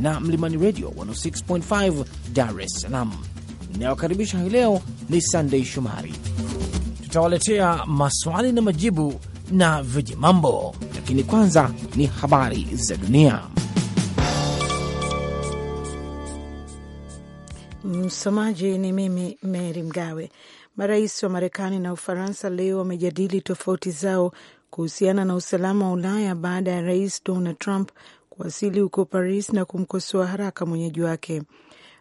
na Mlimani Radio 106.5 Dar es Salaam. Inayokaribisha hii leo ni Sandei Shomari. Tutawaletea maswali na majibu na vijimambo, lakini kwanza ni habari za dunia. Msomaji ni mimi Mary Mgawe. Marais wa Marekani na Ufaransa leo wamejadili tofauti zao kuhusiana na usalama wa Ulaya baada ya rais Donald Trump kuwasili huko Paris na kumkosoa haraka mwenyeji wake.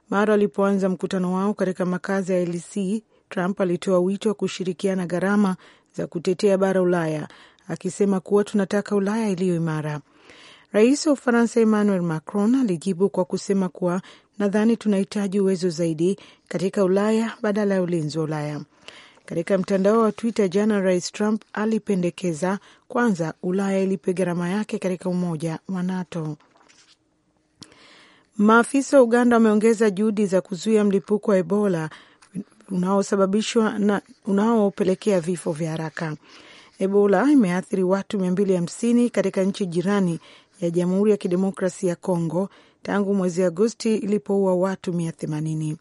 Mara alipoanza mkutano wao katika makazi ya lc Trump alitoa wito wa kushirikiana gharama za kutetea bara Ulaya, akisema kuwa tunataka Ulaya iliyo imara. Rais wa Ufaransa Emmanuel Macron alijibu kwa kusema kuwa nadhani tunahitaji uwezo zaidi katika Ulaya badala ya ulinzi wa Ulaya. Katika mtandao wa Twitter jana, Rais Trump alipendekeza kwanza Ulaya ilipe gharama yake katika umoja wa NATO. Maafisa wa Uganda wameongeza juhudi za kuzuia mlipuko wa Ebola unaosababishwa na unaopelekea vifo vya haraka. Ebola imeathiri watu 250 katika nchi jirani ya Jamhuri ya Kidemokrasi ya congo tangu mwezi Agosti ilipoua watu themanini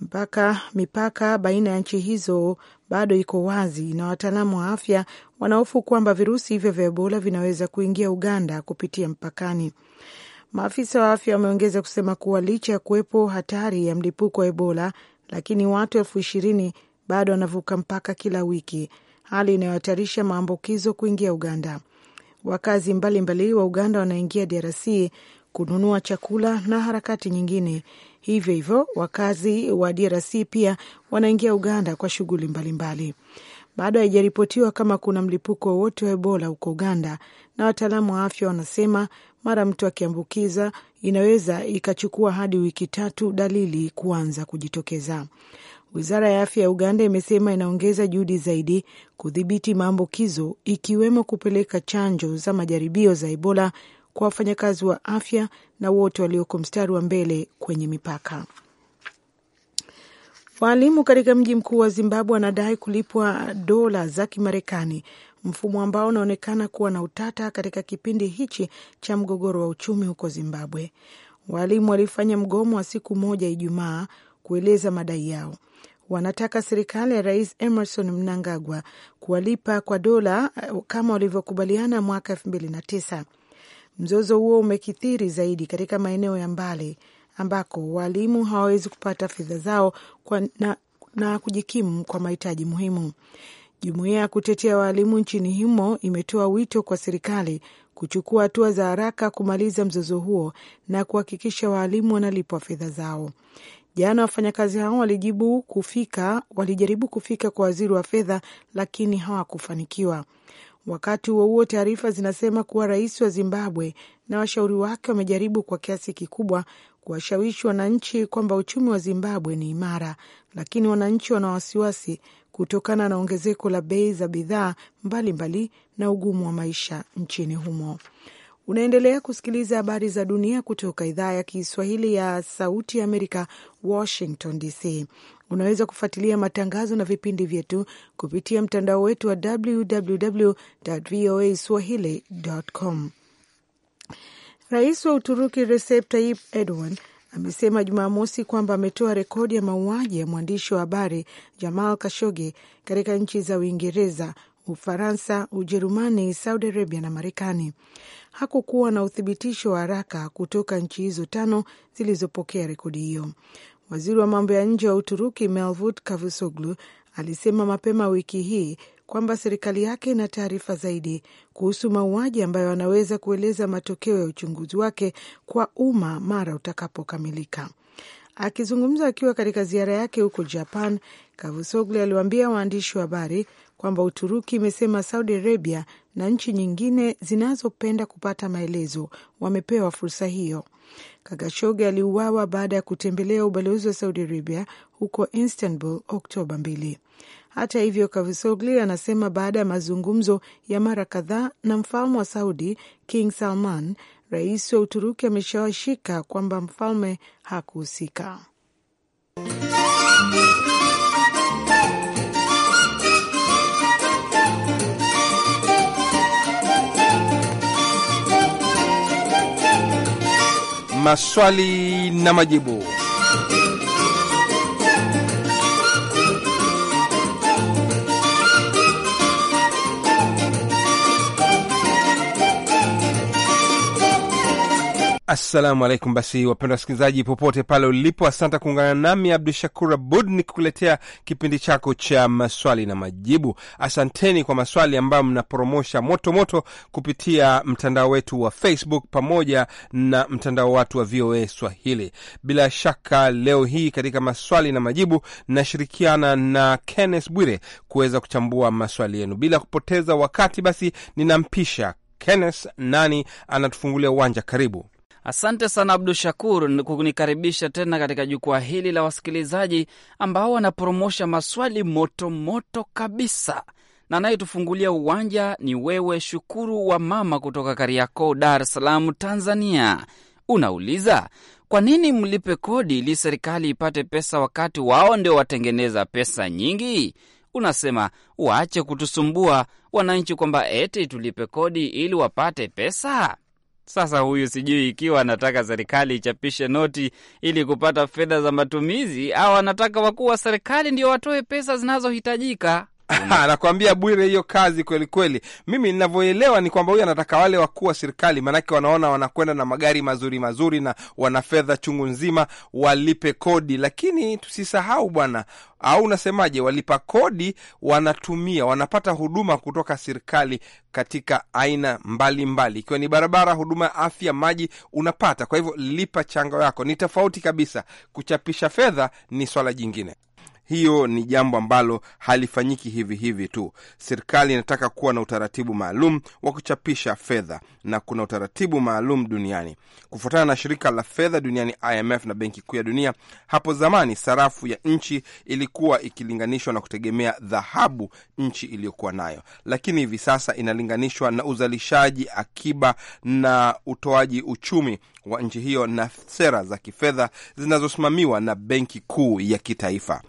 mpaka mipaka baina ya nchi hizo bado iko wazi na wataalamu wa afya wanahofu kwamba virusi hivyo vya Ebola vinaweza kuingia Uganda kupitia mpakani. Maafisa wa afya wameongeza kusema kuwa licha ya kuwepo hatari ya mlipuko wa Ebola, lakini watu elfu ishirini bado wanavuka mpaka kila wiki, hali inayohatarisha maambukizo kuingia Uganda. Wakazi mbalimbali mbali wa Uganda wanaingia DRC kununua chakula na harakati nyingine. Hivyo hivyo wakazi wa DRC pia wanaingia Uganda kwa shughuli mbalimbali. Bado haijaripotiwa kama kuna mlipuko wowote wa Ebola huko Uganda, na wataalamu wa afya wanasema mara mtu akiambukiza inaweza ikachukua hadi wiki tatu dalili kuanza kujitokeza. Wizara ya afya ya Uganda imesema inaongeza juhudi zaidi kudhibiti maambukizo, ikiwemo kupeleka chanjo za majaribio za Ebola kwa wafanyakazi wa afya na wote walioko mstari wa mbele kwenye mipaka. Waalimu katika mji mkuu wa Zimbabwe wanadai kulipwa dola za Kimarekani, mfumo ambao unaonekana kuwa na utata katika kipindi hichi cha mgogoro wa uchumi huko Zimbabwe. Waalimu walifanya mgomo wa siku moja Ijumaa kueleza madai yao. Wanataka serikali ya Rais Emerson Mnangagwa kuwalipa kwa dola eh, kama walivyokubaliana mwaka elfu mbili na tisa. Mzozo huo umekithiri zaidi katika maeneo ya mbali ambako waalimu hawawezi kupata fedha zao kwa na, na kujikimu kwa mahitaji muhimu. Jumuiya ya kutetea waalimu nchini humo imetoa wito kwa serikali kuchukua hatua za haraka kumaliza mzozo huo na kuhakikisha waalimu wanalipwa fedha zao. Jana wafanyakazi hao walijibu kufika walijaribu kufika kwa waziri wa fedha, lakini hawakufanikiwa. Wakati huo huo, taarifa zinasema kuwa rais wa Zimbabwe na washauri wake wamejaribu kwa kiasi kikubwa kuwashawishi wananchi kwamba uchumi wa Zimbabwe ni imara, lakini wananchi wana wasiwasi kutokana na ongezeko la bei za bidhaa mbalimbali na ugumu wa maisha nchini humo. Unaendelea kusikiliza habari za dunia kutoka idhaa ya Kiswahili ya Sauti ya Amerika, Washington DC. Unaweza kufuatilia matangazo na vipindi vyetu kupitia mtandao wetu wa www voa swahili.com. Rais wa Uturuki Recep Tayyip Erdogan amesema Jumamosi kwamba ametoa rekodi ya mauaji ya mwandishi wa habari Jamal Kashoge katika nchi za Uingereza, Ufaransa, Ujerumani, Saudi Arabia na Marekani hakukuwa na uthibitisho wa haraka kutoka nchi hizo tano zilizopokea rekodi hiyo. Waziri wa mambo ya nje wa Uturuki Mevlut Cavusoglu alisema mapema wiki hii kwamba serikali yake ina taarifa zaidi kuhusu mauaji ambayo anaweza kueleza matokeo ya uchunguzi wake kwa umma mara utakapokamilika. Akizungumza akiwa katika ziara yake huko Japan, Cavusoglu aliwaambia waandishi wa habari kwamba Uturuki imesema Saudi Arabia na nchi nyingine zinazopenda kupata maelezo wamepewa fursa hiyo. Kagashogi aliuawa baada ya kutembelea ubalozi wa Saudi Arabia huko Istanbul Oktoba mbili Hata hivyo, Kavisogli anasema baada ya mazungumzo ya mara kadhaa na mfalme wa Saudi King Salman, rais wa Uturuki ameshawashika kwamba mfalme hakuhusika. maswali na majibu. Assalamu alaikum. Basi wapendwa wasikilizaji, popote pale ulipo, asante kuungana nami Abdu Shakur Abud ni kukuletea kipindi chako cha maswali na majibu. Asanteni kwa maswali ambayo mnaporomosha motomoto kupitia mtandao wetu wa Facebook pamoja na mtandao watu wa VOA Swahili. Bila shaka, leo hii katika maswali na majibu nashirikiana na Kenneth Bwire kuweza kuchambua maswali yenu. Bila kupoteza wakati, basi ninampisha Kenneth nani anatufungulia uwanja. Karibu. Asante sana Abdu Shakur kunikaribisha tena katika jukwaa hili la wasikilizaji ambao wanapromosha maswali motomoto moto kabisa, na anayetufungulia uwanja ni wewe Shukuru wa mama kutoka Kariakoo, Dar es Salaam, Tanzania. Unauliza, kwa nini mlipe kodi ili serikali ipate pesa wakati wao ndio watengeneza pesa nyingi? Unasema waache kutusumbua wananchi kwamba eti tulipe kodi ili wapate pesa. Sasa huyu sijui ikiwa anataka serikali ichapishe noti ili kupata fedha za matumizi au anataka wakuu wa serikali ndio watoe pesa zinazohitajika. Anakuambia Bwire, hiyo kazi kweli kweli. Mimi ninavyoelewa ni kwamba huyu anataka wale wakuu wa serikali, maanake wanaona wanakwenda na magari mazuri mazuri na wana fedha chungu nzima, walipe kodi. Lakini tusisahau bwana, au unasemaje? Walipa kodi wanatumia, wanapata huduma kutoka serikali katika aina mbalimbali, ikiwa ni barabara, huduma ya afya, maji unapata. Kwa hivyo lipa chango yako, ni tofauti kabisa. Kuchapisha fedha ni swala jingine hiyo ni jambo ambalo halifanyiki hivi hivi tu. Serikali inataka kuwa na utaratibu maalum wa kuchapisha fedha na kuna utaratibu maalum duniani. Kufuatana na shirika la fedha duniani IMF na benki kuu ya dunia, hapo zamani sarafu ya nchi ilikuwa ikilinganishwa na kutegemea dhahabu nchi iliyokuwa nayo, lakini hivi sasa inalinganishwa na uzalishaji, akiba na utoaji uchumi wa nchi hiyo na sera za kifedha zinazosimamiwa na benki kuu ya kitaifa.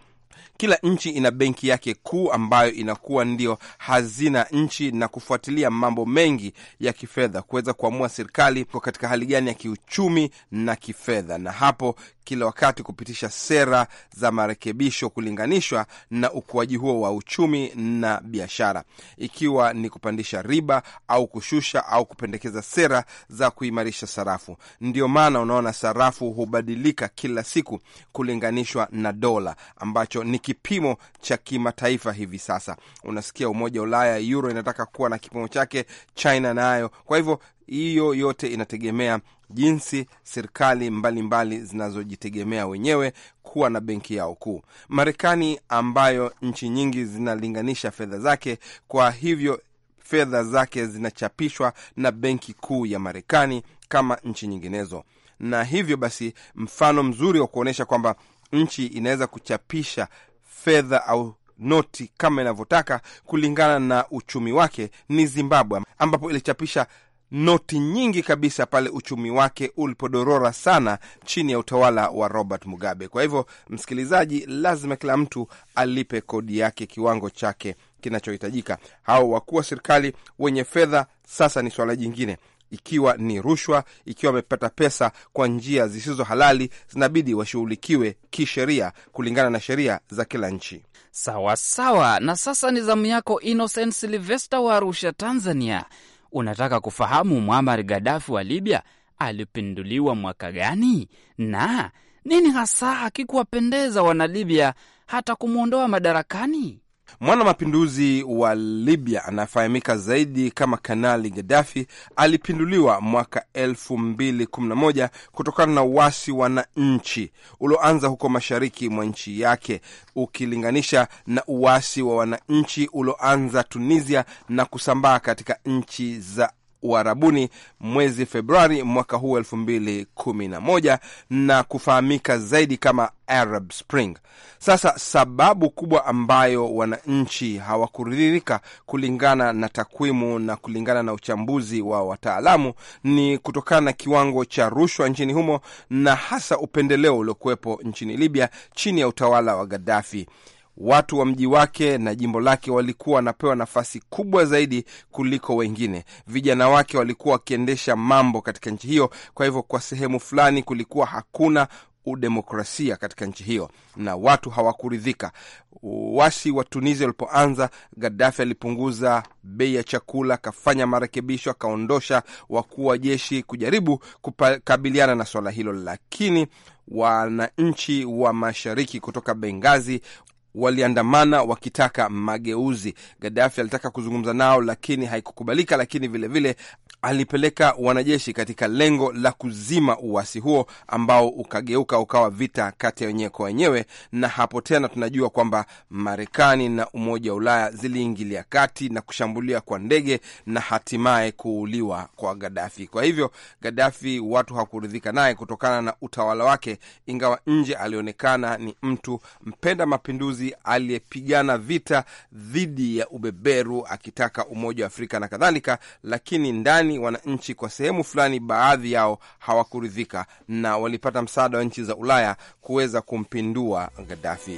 Kila nchi ina benki yake kuu ambayo inakuwa ndio hazina nchi na kufuatilia mambo mengi ya kifedha, kuweza kuamua serikali kwa katika hali gani ya kiuchumi na kifedha, na hapo kila wakati kupitisha sera za marekebisho kulinganishwa na ukuaji huo wa uchumi na biashara, ikiwa ni kupandisha riba au kushusha au kupendekeza sera za kuimarisha sarafu. Ndio maana unaona sarafu hubadilika kila siku kulinganishwa na dola ambacho ni kipimo cha kimataifa hivi sasa. Unasikia Umoja wa Ulaya, euro inataka kuwa na kipimo chake, China nayo. Kwa hivyo hiyo yote inategemea jinsi serikali mbalimbali zinazojitegemea wenyewe kuwa na benki yao kuu. Marekani ambayo nchi nyingi zinalinganisha fedha zake, kwa hivyo fedha zake zinachapishwa na benki kuu ya Marekani kama nchi nyinginezo, na hivyo basi mfano mzuri wa kuonyesha kwamba nchi inaweza kuchapisha fedha au noti kama inavyotaka kulingana na uchumi wake, ni Zimbabwe ambapo ilichapisha noti nyingi kabisa pale uchumi wake ulipodorora sana chini ya utawala wa Robert Mugabe. Kwa hivyo, msikilizaji, lazima kila mtu alipe kodi yake kiwango chake kinachohitajika. Hao wakuu wa serikali wenye fedha sasa ni swala jingine ikiwa ni rushwa, ikiwa wamepata pesa kwa njia zisizo halali, zinabidi washughulikiwe kisheria kulingana na sheria za kila nchi. Sawa sawa. Na sasa ni zamu yako Innocent Silvester wa Arusha, Tanzania. Unataka kufahamu Muammar Gaddafi wa Libya alipinduliwa mwaka gani na nini hasa hakikuwapendeza Wanalibya hata kumwondoa madarakani? Mwana mapinduzi wa Libya anafahamika zaidi kama Kanali Gaddafi alipinduliwa mwaka 2011 kutokana na uasi wananchi ulioanza huko mashariki mwa nchi yake, ukilinganisha na uasi wa wananchi ulioanza Tunisia na kusambaa katika nchi za Uarabuni mwezi Februari mwaka huu elfu mbili kumi na moja na kufahamika zaidi kama Arab Spring. Sasa sababu kubwa ambayo wananchi hawakuridhika kulingana na takwimu na kulingana na uchambuzi wa wataalamu ni kutokana na kiwango cha rushwa nchini humo na hasa upendeleo uliokuwepo nchini Libya chini ya utawala wa Gaddafi watu wa mji wake na jimbo lake walikuwa wanapewa nafasi kubwa zaidi kuliko wengine. Vijana wake walikuwa wakiendesha mambo katika nchi hiyo. Kwa hivyo, kwa sehemu fulani kulikuwa hakuna udemokrasia katika nchi hiyo na watu hawakuridhika. Wasi wa Tunisia walipoanza, Gaddafi alipunguza bei ya chakula, akafanya marekebisho, akaondosha wakuu wa jeshi kujaribu kukabiliana na swala hilo, lakini wananchi wa mashariki kutoka Bengazi waliandamana wakitaka mageuzi. Gaddafi alitaka kuzungumza nao lakini haikukubalika, lakini vilevile vile, alipeleka wanajeshi katika lengo la kuzima uasi huo ambao ukageuka ukawa vita kati ya wenyewe kwa wenyewe. Na hapo tena tunajua kwamba Marekani na Umoja wa Ulaya ziliingilia kati na kushambulia kwa ndege na hatimaye kuuliwa kwa Gaddafi. Kwa hivyo Gaddafi watu hawakuridhika naye kutokana na utawala wake, ingawa nje alionekana ni mtu mpenda mapinduzi kiongozi aliyepigana vita dhidi ya ubeberu akitaka umoja wa Afrika na kadhalika, lakini ndani wananchi kwa sehemu fulani, baadhi yao hawakuridhika na walipata msaada wa nchi za Ulaya kuweza kumpindua Gaddafi.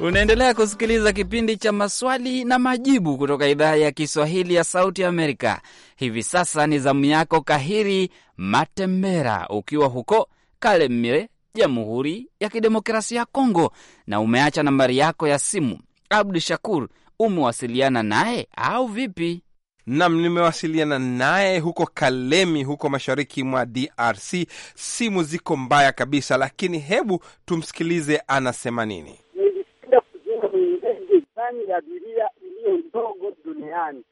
Unaendelea kusikiliza kipindi cha maswali na majibu kutoka idhaa ya Kiswahili ya Sauti Amerika. Hivi sasa ni zamu yako Kahiri Matembera, ukiwa huko Kalemie, Jamhuri ya Kidemokrasia ya Kongo, na umeacha nambari yako ya simu. Abdu Shakur, umewasiliana naye au vipi? Nam, nimewasiliana naye huko Kalemi, huko mashariki mwa DRC. Simu ziko mbaya kabisa, lakini hebu tumsikilize anasema nini ya abiria iliyo ndogo duniani,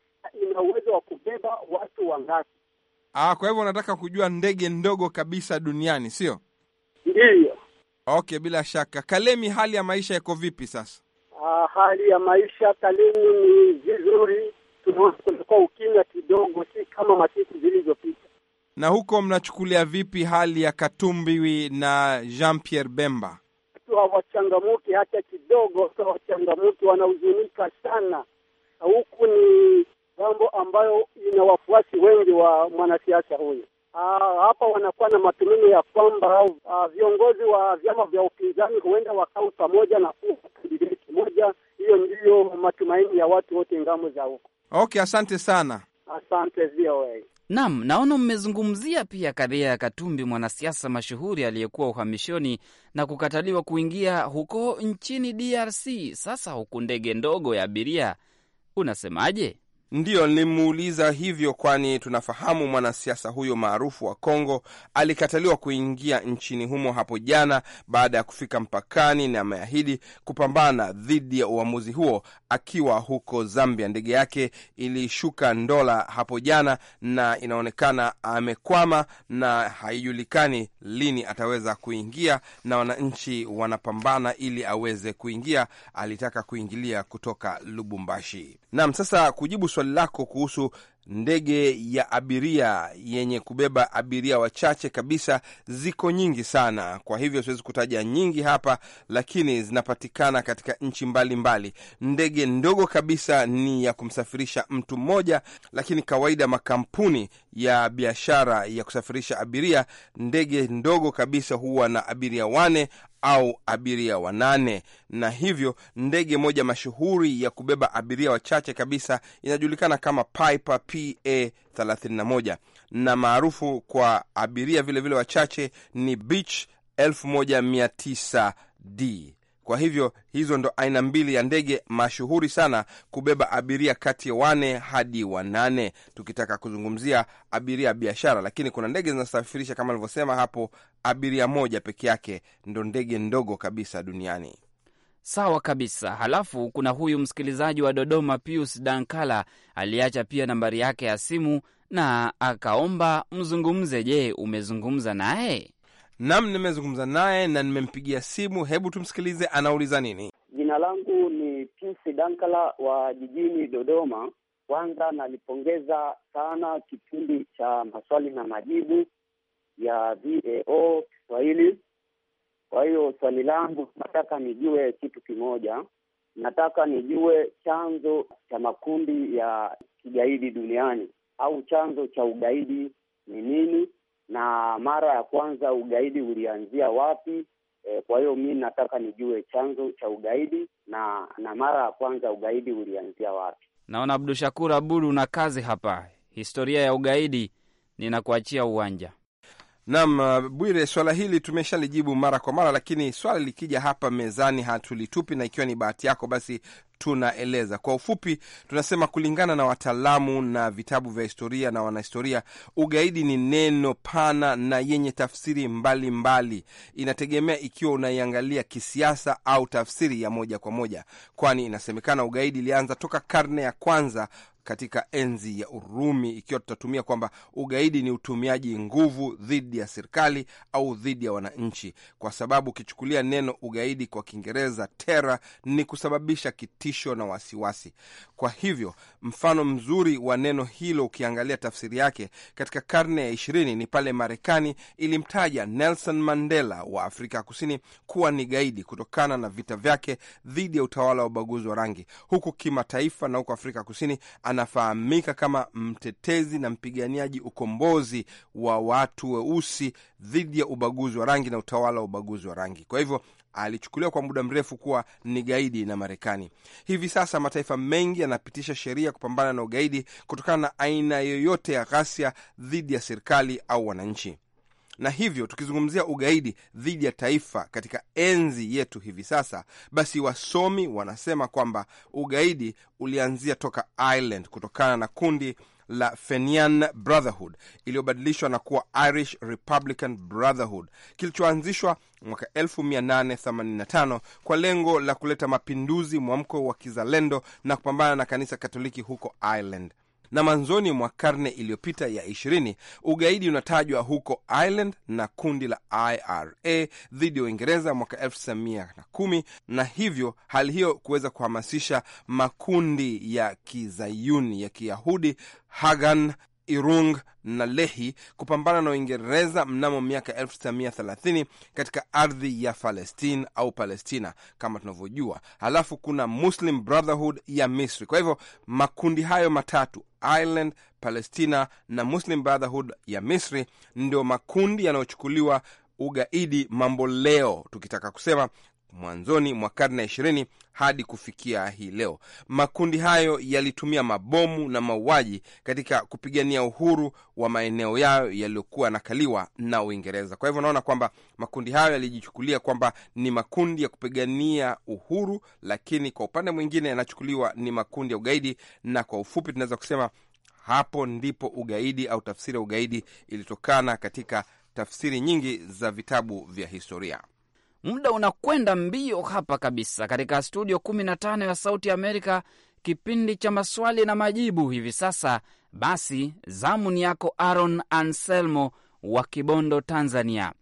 ina uwezo wa kubeba watu wangapi? Ah, kwa hivyo unataka kujua ndege ndogo kabisa duniani, sio ndiyo? Okay, bila shaka. Kalemi, hali ya maisha iko vipi sasa? Ah, hali ya maisha Kalemi ni vizuri, kunakuwa ukimya kidogo, si kama masiku zilizopita. Na huko mnachukulia vipi hali ya katumbiwi na Jean Pierre Bemba? watoto hawachangamki hata kidogo, watoto hawachangamki, wanahuzunika sana. Huku ni jambo ambayo ina wafuasi wengi wa mwanasiasa huyu. Ah, hapa wanakuwa na matumaini ya kwamba ah, viongozi wa vyama vya upinzani huenda wakau pamoja na kuwa moja. Hiyo ndiyo matumaini ya watu wote ngamo za huko. Okay, asante sana, asante VOA. Naam, naona mmezungumzia pia kadhia ya Katumbi, mwanasiasa mashuhuri aliyekuwa uhamishoni na kukataliwa kuingia huko nchini DRC. Sasa huku ndege ndogo ya abiria, unasemaje? Ndiyo, nilimuuliza hivyo, kwani tunafahamu mwanasiasa huyo maarufu wa Kongo alikataliwa kuingia nchini humo hapo jana baada ya kufika mpakani, na ameahidi kupambana dhidi ya uamuzi huo akiwa huko Zambia. Ndege yake ilishuka Ndola hapo jana, na inaonekana amekwama na haijulikani lini ataweza kuingia, na wananchi wanapambana ili aweze kuingia. Alitaka kuingilia kutoka Lubumbashi. Naam, sasa kujibu swali lako kuhusu Ndege ya abiria yenye kubeba abiria wachache kabisa ziko nyingi sana, kwa hivyo siwezi kutaja nyingi hapa, lakini zinapatikana katika nchi mbalimbali. Ndege ndogo kabisa ni ya kumsafirisha mtu mmoja, lakini kawaida makampuni ya biashara ya kusafirisha abiria, ndege ndogo kabisa huwa na abiria wane au abiria wanane, na hivyo ndege moja mashuhuri ya kubeba abiria wachache kabisa inajulikana kama Piper PA 31 na maarufu kwa abiria vilevile wachache ni Beech 1900D. Kwa hivyo hizo ndo aina mbili ya ndege mashuhuri sana kubeba abiria kati ya wane hadi wanane, tukitaka kuzungumzia abiria biashara. Lakini kuna ndege zinasafirisha kama alivyosema hapo abiria moja peke yake, ndo ndege ndogo kabisa duniani. Sawa kabisa. Halafu kuna huyu msikilizaji wa Dodoma, Pius Dankala, aliacha pia nambari yake ya simu na akaomba mzungumze. Je, umezungumza naye? Nam, nimezungumza naye na nimempigia simu. Hebu tumsikilize anauliza nini. Jina langu ni Pius Dankala wa jijini Dodoma. Kwanza nalipongeza sana kipindi cha maswali na majibu ya VAO Kiswahili kwa hiyo swali langu, nataka nijue kitu kimoja, nataka nijue chanzo cha makundi ya kigaidi duniani au chanzo cha ugaidi ni nini, na mara ya kwanza ugaidi ulianzia wapi? E, kwa hiyo mi nataka nijue chanzo cha ugaidi na na mara ya kwanza ugaidi ulianzia wapi. Naona shakur Abud, una kazi hapa, historia ya ugaidi ninakuachia uwanja. Nam uh, Bwire, swala hili tumeshalijibu mara kwa mara, lakini swala likija hapa mezani hatulitupi, na ikiwa ni bahati yako basi tunaeleza kwa ufupi. Tunasema kulingana na wataalamu na vitabu vya historia na wanahistoria, ugaidi ni neno pana na yenye tafsiri mbalimbali mbali. Inategemea ikiwa unaiangalia kisiasa au tafsiri ya moja kwa moja, kwani inasemekana ugaidi ilianza toka karne ya kwanza katika enzi ya Urumi, ikiwa tutatumia kwamba ugaidi ni utumiaji nguvu dhidi ya serikali au dhidi ya wananchi, kwa sababu ukichukulia neno ugaidi kwa Kiingereza tera ni kusababisha kitisho na wasiwasi. Kwa hivyo mfano mzuri wa neno hilo ukiangalia tafsiri yake katika karne ya ishirini ni pale Marekani ilimtaja Nelson Mandela wa Afrika Kusini kuwa ni gaidi kutokana na vita vyake dhidi ya utawala wa ubaguzi wa rangi, huku kimataifa na huko Afrika Kusini anafahamika kama mtetezi na mpiganiaji ukombozi wa watu weusi dhidi ya ubaguzi wa rangi na utawala wa ubaguzi wa rangi. Kwa hivyo alichukuliwa kwa muda mrefu kuwa ni gaidi na Marekani. Hivi sasa mataifa mengi yanapitisha sheria kupambana na ugaidi kutokana na aina yoyote ya ghasia dhidi ya serikali au wananchi na hivyo tukizungumzia ugaidi dhidi ya taifa katika enzi yetu hivi sasa, basi wasomi wanasema kwamba ugaidi ulianzia toka Ireland kutokana na kundi la Fenian Brotherhood iliyobadilishwa na kuwa Irish Republican Brotherhood kilichoanzishwa mwaka 1885 kwa lengo la kuleta mapinduzi, mwamko wa kizalendo na kupambana na kanisa Katoliki huko Ireland na mwanzoni mwa karne iliyopita ya ishirini ugaidi unatajwa huko Ireland na kundi la IRA dhidi ya Uingereza mwaka 1 na hivyo hali hiyo kuweza kuhamasisha makundi ya kizayuni ya kiyahudi Hagan Irung na Lehi kupambana na Uingereza mnamo miaka 1930 katika ardhi ya Palestine au Palestina kama tunavyojua. Halafu kuna Muslim Brotherhood ya Misri. Kwa hivyo makundi hayo matatu Ireland, Palestina na Muslim Brotherhood ya Misri ndio makundi yanayochukuliwa ugaidi mambo leo, tukitaka kusema mwanzoni mwa karne ya ishirini hadi kufikia hii leo. Makundi hayo yalitumia mabomu na mauaji katika kupigania uhuru wa maeneo yao yaliyokuwa yanakaliwa na Uingereza. Kwa hivyo unaona kwamba makundi hayo yalijichukulia kwamba ni makundi ya kupigania uhuru, lakini kwa upande mwingine yanachukuliwa ni makundi ya ugaidi, na kwa ufupi tunaweza kusema hapo ndipo ugaidi au tafsiri ya ugaidi ilitokana katika tafsiri nyingi za vitabu vya historia. Muda unakwenda mbio hapa kabisa, katika studio 15 ya Sauti Amerika, kipindi cha maswali na majibu hivi sasa. Basi zamu ni yako Aaron Anselmo wa Kibondo, Tanzania.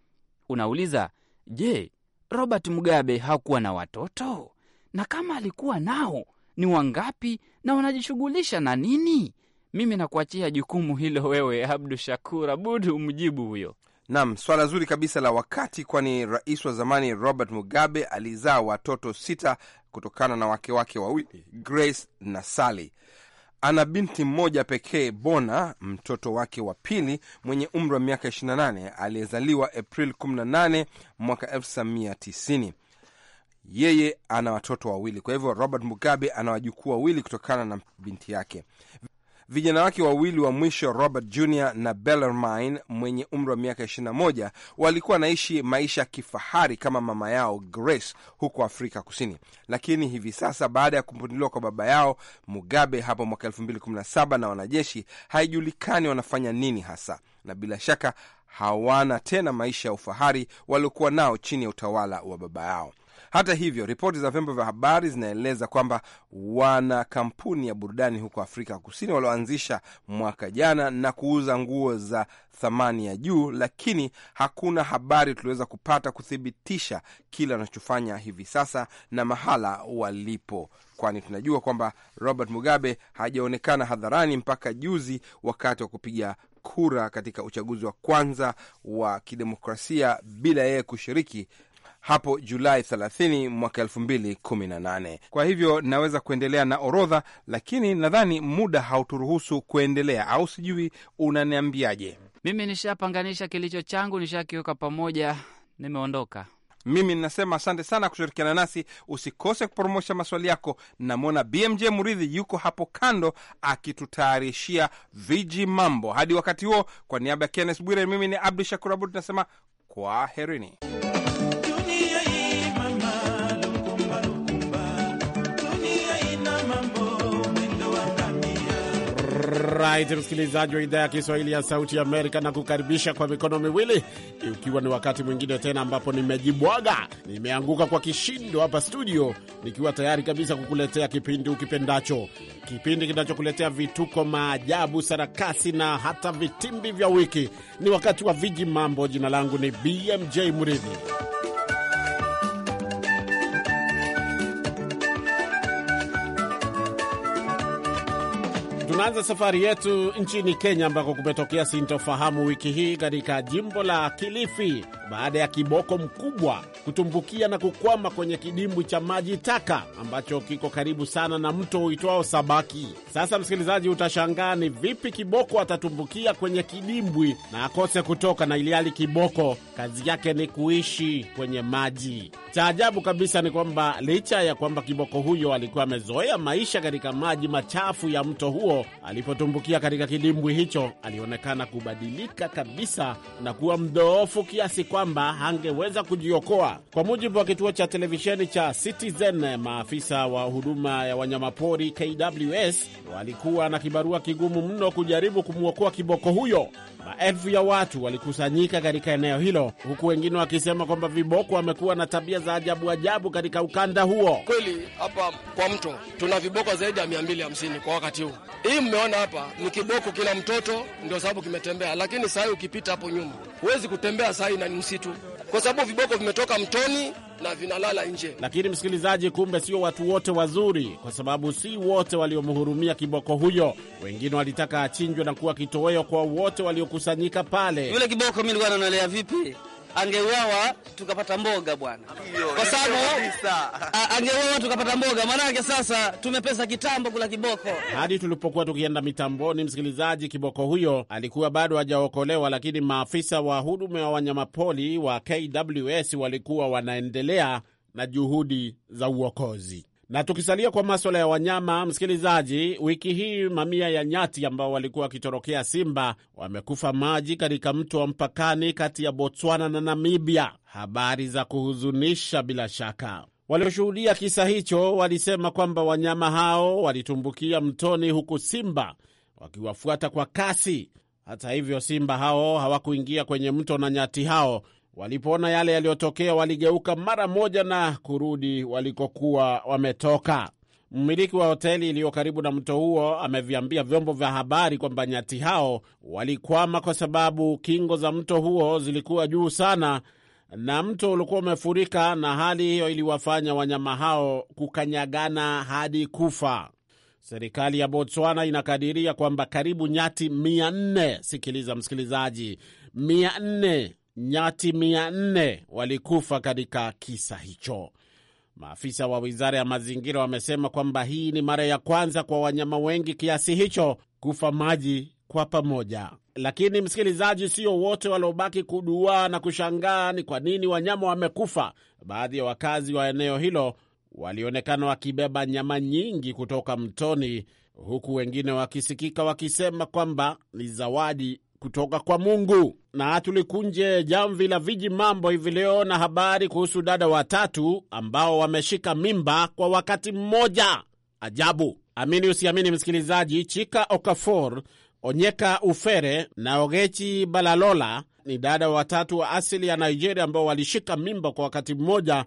Unauliza, je, Robert Mugabe hakuwa na watoto? Na kama alikuwa nao ni wangapi na wanajishughulisha na nini? Mimi nakuachia jukumu hilo wewe, Abdu Shakur Abud, umjibu huyo. Nam, swala zuri kabisa la wakati, kwani rais wa zamani Robert Mugabe alizaa watoto sita kutokana na wake wake wawili Grace na Sally. Ana binti mmoja pekee, Bona, mtoto wake wa pili mwenye umri wa miaka 28 aliyezaliwa april 18 mwaka 1990. Yeye ana watoto wawili. Kwa hivyo Robert Mugabe ana wajukuu wawili kutokana na binti yake vijana wake wawili wa mwisho Robert Jr na Bellarmine mwenye umri wa miaka 21 walikuwa wanaishi maisha ya kifahari kama mama yao Grace huko Afrika Kusini, lakini hivi sasa baada ya kupinduliwa kwa baba yao Mugabe hapo mwaka 2017 na wanajeshi, haijulikani wanafanya nini hasa, na bila shaka hawana tena maisha ya ufahari waliokuwa nao chini ya utawala wa baba yao. Hata hivyo, ripoti za vyombo vya habari zinaeleza kwamba wana kampuni ya burudani huko Afrika Kusini walioanzisha mwaka jana na kuuza nguo za thamani ya juu, lakini hakuna habari tuliweza kupata kuthibitisha kile wanachofanya hivi sasa na mahala walipo, kwani tunajua kwamba Robert Mugabe hajaonekana hadharani mpaka juzi wakati wa kupiga kura katika uchaguzi wa kwanza wa kidemokrasia bila yeye kushiriki hapo Julai 30 mwaka 2018. Kwa hivyo naweza kuendelea na orodha, lakini nadhani muda hauturuhusu kuendelea, au sijui unaniambiaje? Mimi nishapanganisha kilicho changu, nishakiweka pamoja, nimeondoka. Mimi ninasema asante sana kushirikiana nasi. Usikose kupromosha maswali yako. Namwona BMJ Muridhi yuko hapo kando akitutayarishia viji mambo. Hadi wakati huo, kwa niaba ya Kennes Bwire, mimi ni Abdu Shakur Abud nasema kwaherini. right, msikilizaji wa idhaa ya Kiswahili ya Sauti ya Amerika, na kukaribisha kwa mikono miwili, ukiwa ni wakati mwingine tena ambapo nimejibwaga, nimeanguka kwa kishindo hapa studio, nikiwa tayari kabisa kukuletea kipindi ukipendacho, kipindi kinachokuletea vituko, maajabu, sarakasi na hata vitimbi vya wiki. Ni wakati wa viji mambo. Jina langu ni BMJ Mridhi. Tunaanza safari yetu nchini Kenya, ambako kumetokea sintofahamu wiki hii katika jimbo la Kilifi baada ya kiboko mkubwa kutumbukia na kukwama kwenye kidimbwi cha maji taka ambacho kiko karibu sana na mto uitwao Sabaki. Sasa msikilizaji, utashangaa ni vipi kiboko atatumbukia kwenye kidimbwi na akose kutoka, na iliali kiboko kazi yake ni kuishi kwenye maji. Cha ajabu kabisa ni kwamba licha ya kwamba kiboko huyo alikuwa amezoea maisha katika maji machafu ya mto huo, alipotumbukia katika kidimbwi hicho alionekana kubadilika kabisa na kuwa mdhoofu kiasi kwa kwamba hangeweza kujiokoa. Kwa mujibu wa kituo cha televisheni cha Citizen, maafisa wa huduma ya wanyamapori KWS walikuwa na kibarua kigumu mno kujaribu kumwokoa kiboko huyo. Maelfu ya watu walikusanyika katika eneo hilo, huku wengine wakisema kwamba viboko wamekuwa na tabia za ajabu ajabu katika ukanda huo. Kweli hapa kwa mto tuna viboko zaidi ya 250 kwa wakati huu. Hii mmeona hapa ni kiboko kila mtoto, ndio sababu kimetembea, lakini sahii ukipita hapo nyuma huwezi kutembea sahii na ni msitu, kwa sababu viboko vimetoka mtoni na vinalala nje. Lakini msikilizaji, kumbe sio watu wote wazuri, kwa sababu si wote waliomhurumia kiboko huyo. Wengine walitaka achinjwe na kuwa kitoweo kwa wote waliokusanyika pale. Yule kiboko mi nilikuwa nanalea vipi? angeuawa tukapata mboga bwana, kwa sababu angeuawa tukapata mboga. Maanake sasa tumepesa kitambo kula kiboko. Hadi tulipokuwa tukienda mitamboni, msikilizaji, kiboko huyo alikuwa bado hajaokolewa, lakini maafisa wa huduma ya wanyamapori wa KWS walikuwa wanaendelea na juhudi za uokozi. Na tukisalia kwa maswala ya wanyama, msikilizaji, wiki hii mamia ya nyati ambao walikuwa wakitorokea simba wamekufa maji katika mto wa mpakani kati ya Botswana na Namibia. Habari za kuhuzunisha bila shaka. Walioshuhudia kisa hicho walisema kwamba wanyama hao walitumbukia mtoni, huku simba wakiwafuata kwa kasi. Hata hivyo, simba hao hawakuingia kwenye mto na nyati hao Walipoona yale yaliyotokea, waligeuka mara moja na kurudi walikokuwa wametoka. Mmiliki wa hoteli iliyo karibu na mto huo ameviambia vyombo vya habari kwamba nyati hao walikwama kwa sababu kingo za mto huo zilikuwa juu sana na mto ulikuwa umefurika, na hali hiyo iliwafanya wanyama hao kukanyagana hadi kufa. Serikali ya Botswana inakadiria kwamba karibu nyati mia nne, sikiliza msikilizaji, mia nne nyati 4 walikufa katika kisa hicho. Maafisa wa wizara ya mazingira wamesema kwamba hii ni mara ya kwanza kwa wanyama wengi kiasi hicho kufa maji kwa pamoja. Lakini msikilizaji, sio wote waliobaki kuduaa na kushangaa ni kwa nini wanyama wamekufa. Baadhi ya wakazi wa eneo hilo walionekana wakibeba nyama nyingi kutoka mtoni, huku wengine wakisikika wakisema kwamba ni zawadi kutoka kwa Mungu. Na tulikunje jamvi la viji mambo hivi leo na habari kuhusu dada watatu ambao wameshika mimba kwa wakati mmoja. Ajabu! Amini usiamini, msikilizaji, Chika Okafor, Onyeka Ufere na Ogechi Balalola ni dada watatu wa asili ya Nigeria ambao walishika mimba kwa wakati mmoja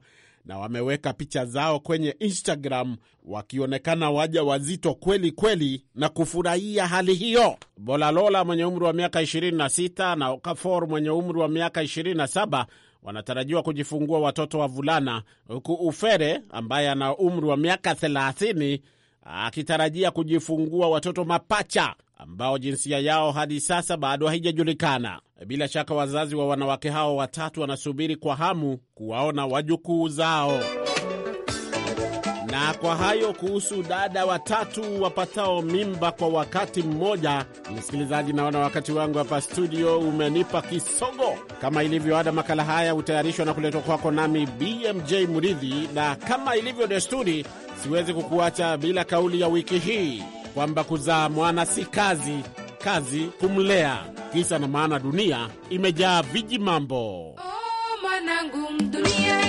na wameweka picha zao kwenye Instagram wakionekana waja wazito kweli kweli na kufurahia hali hiyo. Bolalola mwenye umri wa miaka 26 na Okafor mwenye umri wa miaka 27 wanatarajiwa kujifungua watoto wavulana, huku Ufere ambaye ana umri wa miaka 30 akitarajia kujifungua watoto mapacha ambao jinsia yao hadi sasa bado haijajulikana. Bila shaka wazazi wa wanawake hao watatu wanasubiri kwa hamu kuwaona wajukuu zao. Na kwa hayo kuhusu dada watatu wapatao mimba kwa wakati mmoja, msikilizaji, naona wakati wangu hapa studio umenipa kisogo. Kama ilivyo ada, makala haya hutayarishwa na kuletwa kwako nami BMJ Muridhi, na kama ilivyo desturi, siwezi kukuacha bila kauli ya wiki hii kwamba kuzaa mwana si kazi, kazi kumlea. Kisa na maana, dunia imejaa viji mambo. Oh, mwanangu, dunia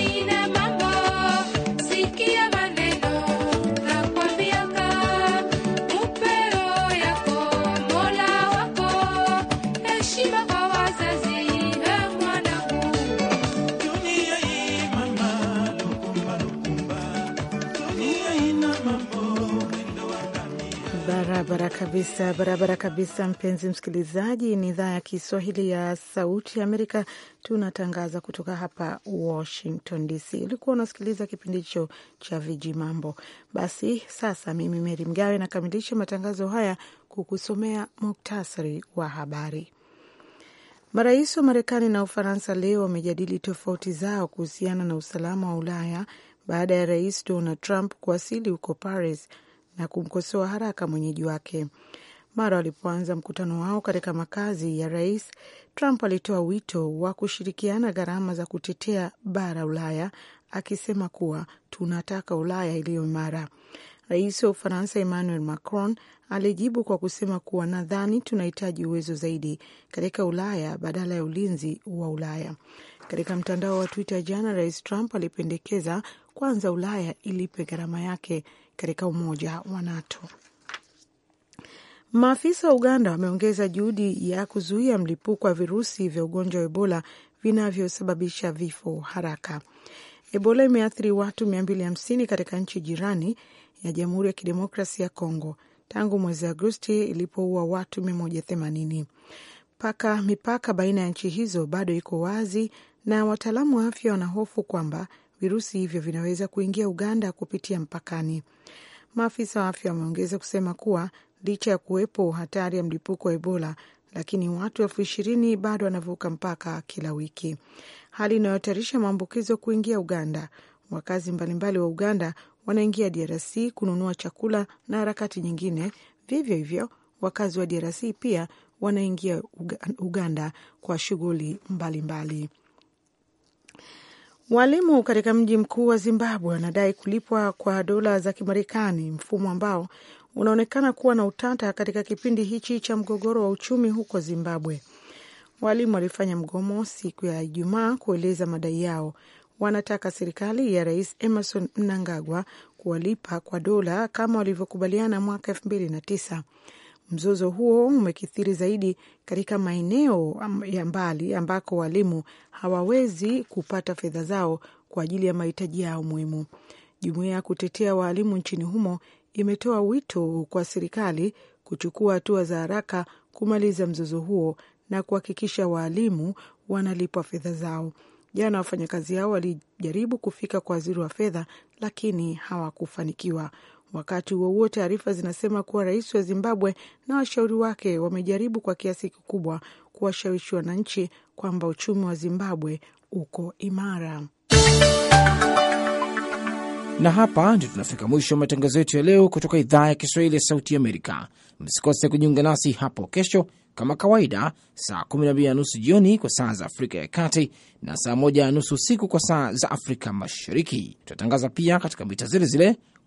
kabisa, barabara kabisa, mpenzi msikilizaji. Ni idhaa ya Kiswahili ya Sauti ya Amerika, tunatangaza kutoka hapa Washington DC. Ulikuwa unasikiliza kipindi hicho cha Viji Mambo. Basi sasa, mimi Meri Mgawe nakamilisha matangazo haya kukusomea muktasari wa habari. Marais wa Marekani na Ufaransa leo wamejadili tofauti zao kuhusiana na usalama wa Ulaya baada ya Rais Donald Trump kuwasili huko Paris na kumkosoa haraka mwenyeji wake. Mara walipoanza mkutano wao katika makazi ya rais, Trump alitoa wito wa kushirikiana gharama za kutetea bara Ulaya, akisema kuwa tunataka Ulaya iliyo imara. Rais wa Ufaransa Emmanuel Macron alijibu kwa kusema kuwa nadhani tunahitaji uwezo zaidi katika Ulaya badala ya ulinzi wa Ulaya. Katika mtandao wa Twitter jana, Rais Trump alipendekeza kwanza Ulaya ilipe gharama yake katika umoja wa NATO. Maafisa wa Uganda wameongeza juhudi ya kuzuia mlipuko wa virusi vya ugonjwa wa Ebola vinavyosababisha vifo haraka. Ebola imeathiri watu 250 katika nchi jirani ya Jamhuri ya Kidemokrasi ya Kongo tangu mwezi Agosti ilipoua watu 180. Mpaka mipaka baina ya nchi hizo bado iko wazi na wataalamu wa afya wanahofu kwamba virusi hivyo vinaweza kuingia Uganda kupitia mpakani. Maafisa wa afya wameongeza kusema kuwa licha ya kuwepo hatari ya mlipuko wa Ebola, lakini watu elfu ishirini bado wanavuka mpaka kila wiki, hali inayohatarisha maambukizo kuingia Uganda. Wakazi mbalimbali wa Uganda wanaingia DRC kununua chakula na harakati nyingine. Vivyo hivyo, wakazi wa DRC pia wanaingia Uganda kwa shughuli mbalimbali. Walimu katika mji mkuu wa Zimbabwe wanadai kulipwa kwa dola za Kimarekani, mfumo ambao unaonekana kuwa na utata katika kipindi hichi cha mgogoro wa uchumi huko Zimbabwe. Walimu walifanya mgomo siku ya Ijumaa kueleza madai yao. Wanataka serikali ya Rais Emerson Mnangagwa kuwalipa kwa dola kama walivyokubaliana mwaka elfu mbili na tisa. Mzozo huo umekithiri zaidi katika maeneo ya mbali ambako walimu hawawezi kupata fedha zao kwa ajili ya mahitaji yao muhimu. Jumuiya ya kutetea waalimu nchini humo imetoa wito kwa serikali kuchukua hatua za haraka kumaliza mzozo huo na kuhakikisha waalimu wanalipwa fedha zao. Jana wafanyakazi hao walijaribu kufika kwa waziri wa fedha, lakini hawakufanikiwa. Wakati huo huo, taarifa zinasema kuwa rais wa Zimbabwe na washauri wake wamejaribu kwa kiasi kikubwa kuwashawishi wananchi kwamba uchumi wa Zimbabwe uko imara. Na hapa ndio tunafika mwisho wa matangazo yetu ya leo kutoka idhaa ya Kiswahili ya Sauti Amerika. Msikose kujiunga nasi hapo kesho kama kawaida, saa 12 na nusu jioni kwa saa za Afrika ya Kati na saa 1 na nusu usiku kwa saa za Afrika Mashariki. tunatangaza pia katika mita zile zile